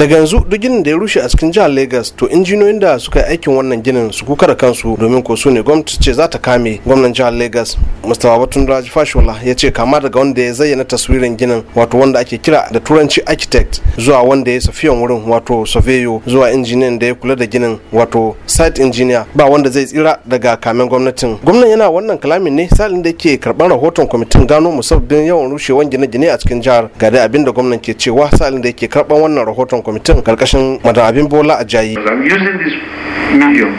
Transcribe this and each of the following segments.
daga yanzu duk ginin da ya rushe a cikin jihar lagos to injiniyoyin da suka yi aikin wannan ginin su kuka da kansu domin ko su ne gwamnati ce za ta kame gwamnan jihar lagos mr babatun raji fashola ya ce kama daga wanda ya zayyana taswirin ginin wato wanda ake kira da turanci architect zuwa wanda ya safiyan wurin wato surveyo zuwa injiniyan da ya kula da ginin wato site engineer ba wanda zai tsira daga kamen gwamnatin gwamnan yana wannan kalamin ne salin da ke karban rahoton kwamitin gano musabbin yawan rushewan gine-gine a cikin jihar ga dai abin da gwamnan ke cewa salin da ke karban wannan rahoton kwamitin karkashin madan abin bola a jayi. using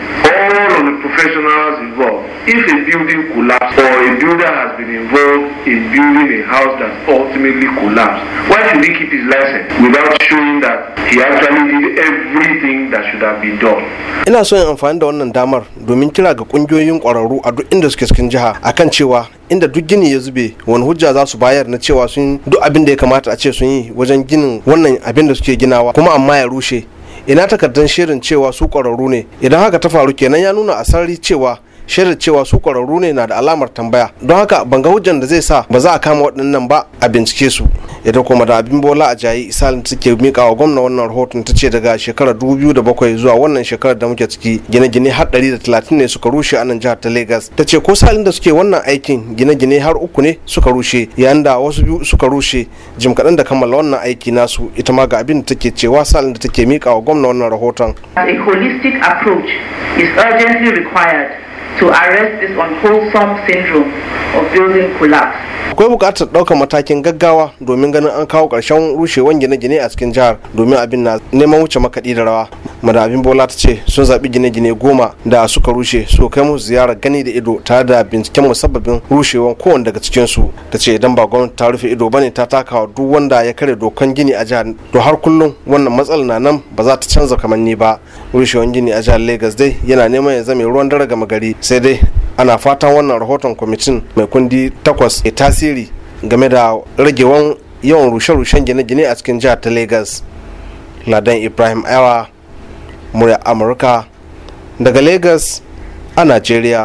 professionals involved. If a building collapses or a builder has been involved in building a house that ultimately collapsed, why should he keep his license without showing that he actually did everything that should have been done? Ina so yin amfani da wannan damar domin kira ga kungiyoyin kwararru a duk inda suke cikin jiha akan cewa inda duk gini ya zube wani hujja za su bayar na cewa sun duk abin da ya kamata a ce sun yi wajen ginin wannan abin da suke ginawa kuma amma ya rushe ina takardar shirin cewa su ƙwararru ne idan haka ta faru kenan ya nuna a sarari cewa shaida cewa su kwararru ne na da alamar tambaya don haka ban ga hujjan da zai sa ba za a kama waɗannan ba a bincike su ita kuma da abin bola a jayi isalin suke mika wa gwamna wannan rahoton ta ce daga shekarar 2007 zuwa wannan shekarar da muke ciki gine-gine har 130 ne suka rushe a nan jihar ta lagos ta ce ko salin da suke wannan aikin gine-gine har uku ne suka rushe yayin da wasu biyu suka rushe jim kaɗan da kammala wannan aiki nasu ita ma ga abin da take cewa salin da take mika wa gwamna wannan rahoton. a holistic approach is urgently required to arrest this unwholesome syndrome of building collapse. akwai buƙatar ɗaukar matakin gaggawa domin ganin an kawo ƙarshen rushewan gine-gine a cikin jihar domin abin na neman wuce makaɗi da rawa madabin bola ta ce sun zaɓi gine-gine goma da suka rushe su kai mu ziyara gani da ido tare da binciken musabbabin rushewan kowane daga su ta ce idan ba gwamnati ta rufe ido bane ta taka wa duk wanda ya kare dokan gini a jihar to har kullum wannan matsalar na nan ba za ta canza kamar ni ba rushewar gini a jihar lagos dai yana neman ya zame ruwan dare gama gari sai dai ana fatan wannan rahoton kwamitin mai kundi takwas ya tasiri game da ragewan yawan rushe-rushen gine-gine a cikin jihar ta lagos ladan ibrahim aiwa murya amurka daga lagos a nigeria